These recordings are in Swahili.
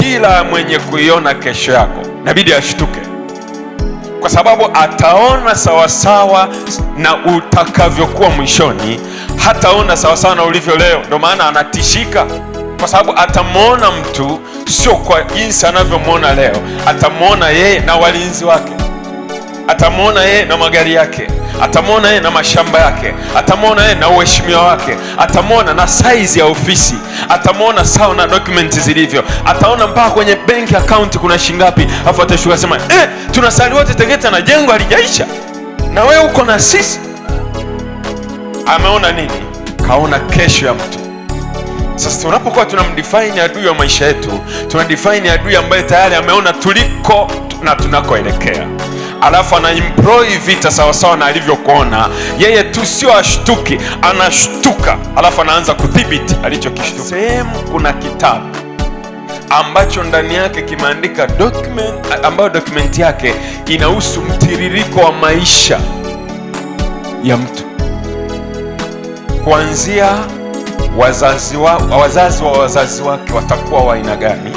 kila mwenye kuiona kesho yako inabidi ashtuke, kwa sababu ataona sawasawa na utakavyokuwa mwishoni, hataona sawasawa na ulivyo leo. Ndio maana anatishika, kwa sababu atamwona mtu sio kwa jinsi anavyomwona leo, atamwona yeye na walinzi wake atamwona yeye na magari yake, atamwona yeye na mashamba yake, atamwona yeye na uheshimiwa wake, atamwona na saizi ya ofisi, atamwona sawa na dokumenti zilivyo, ataona mpaka kwenye benki akaunti kuna shingapi, afu atashuka sema eh, tunasali wote Tegeta na jengo alijaisha na wewe uko na sisi. Ameona nini? Kaona kesho ya mtu. Sasa tunapokuwa tunamdefine adui wa maisha yetu, tunadefine adui ambaye tayari ameona tuliko na tunakoelekea alafu anaimploi vita sawasawa na alivyokuona yeye tu, sio ashtuki, anashtuka alafu anaanza kudhibiti alichokishtuka. Sehemu kuna kitabu ambacho ndani yake kimeandika document ambayo dokumenti yake inahusu mtiririko wa maisha ya mtu kuanzia wazazi wa wazazi wa wazazi wake watakuwa wa aina gani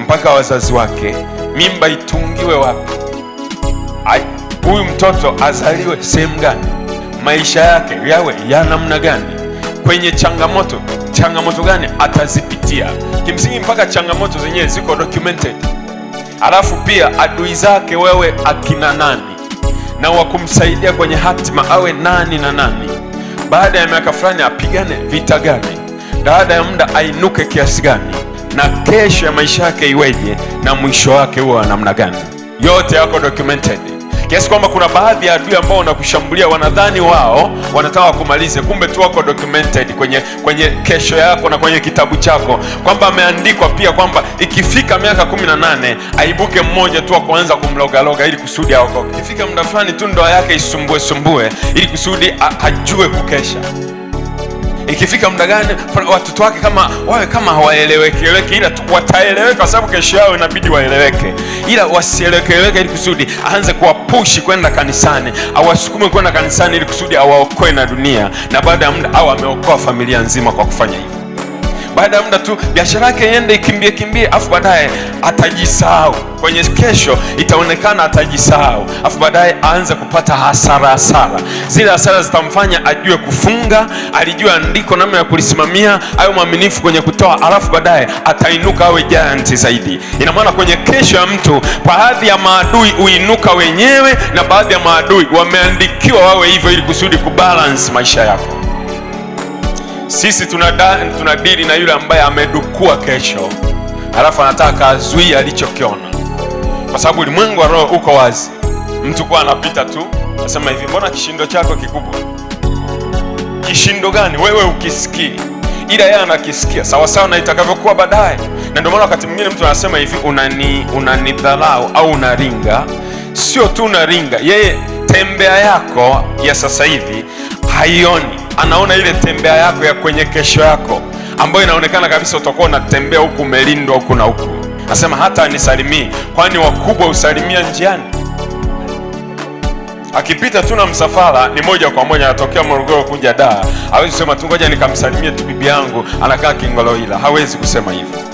mpaka wazazi wake, mimba itungiwe wapi huyu mtoto azaliwe sehemu gani, maisha yake yawe ya namna gani, kwenye changamoto changamoto gani atazipitia. Kimsingi mpaka changamoto zenyewe ziko documented, alafu pia adui zake wewe akina nani, na wa kumsaidia kwenye hatima awe nani na nani, baada ya miaka fulani apigane vita gani, baada ya muda ainuke kiasi gani, na kesho ya maisha yake iweje, na mwisho wake huwa wa namna gani, yote yako documented kiasi kwamba kuna baadhi ya adui ambao wanakushambulia, wanadhani wao wanataka wakumalize, kumbe tu wako documented kwenye kwenye kesho yako na kwenye kitabu chako, kwamba ameandikwa pia kwamba ikifika miaka 18 aibuke mmoja tu akuanza kumlogaloga ili kusudi aokoke. Ikifika muda fulani tu ndoa yake isumbue sumbue ili kusudi ajue kukesha ikifika muda gani watoto wake kama wawe kama hawaelewekeleweke, ila wataeleweka kwa sababu kesho yao inabidi waeleweke, ila wasielekeleweke ili kusudi aanze kuwapushi kwenda kanisani, awasukume kwenda kanisani, ili kusudi awaokoe na dunia, na baada ya muda au ameokoa familia nzima kwa kufanya hivyo baada ya muda tu biashara yake iende ikimbie kimbie, afu baadaye atajisahau kwenye kesho, itaonekana atajisahau, afu baadaye aanze kupata hasara. Hasara zile hasara zitamfanya ajue kufunga, alijua andiko namna ya kulisimamia, ayo mwaminifu kwenye kutoa, alafu baadaye atainuka awe giant zaidi. Ina maana kwenye kesho ya mtu, baadhi ya maadui huinuka wenyewe na baadhi ya maadui wameandikiwa wawe hivyo, ili kusudi kubalance maisha yako. Sisi tunadili na yule ambaye amedukua kesho, alafu anataka azuia alichokiona, kwa sababu ulimwengu wa roho uko wazi. Mtu kwa anapita tu anasema hivi, mbona kishindo chako kikubwa? Kishindo gani? Wewe ukisikii, ila yeye anakisikia sawasawa na itakavyokuwa baadaye. Na ndio maana wakati mwingine mtu anasema hivi, unanidharau, unani au unaringa. Sio tu unaringa, yeye tembea yako ya sasa hivi haioni anaona ile tembea yako ya kwenye kesho yako ambayo inaonekana kabisa utakuwa unatembea huku umelindwa huku na huku. Nasema hata anisalimii, kwani wakubwa husalimia njiani. Akipita tu na msafara ni moja kwa moja anatokea Morogoro kuja daa hawezi kusema tu nikamsalimie tu bibi yangu, anakaa Kingoloila. Hawezi kusema hivyo.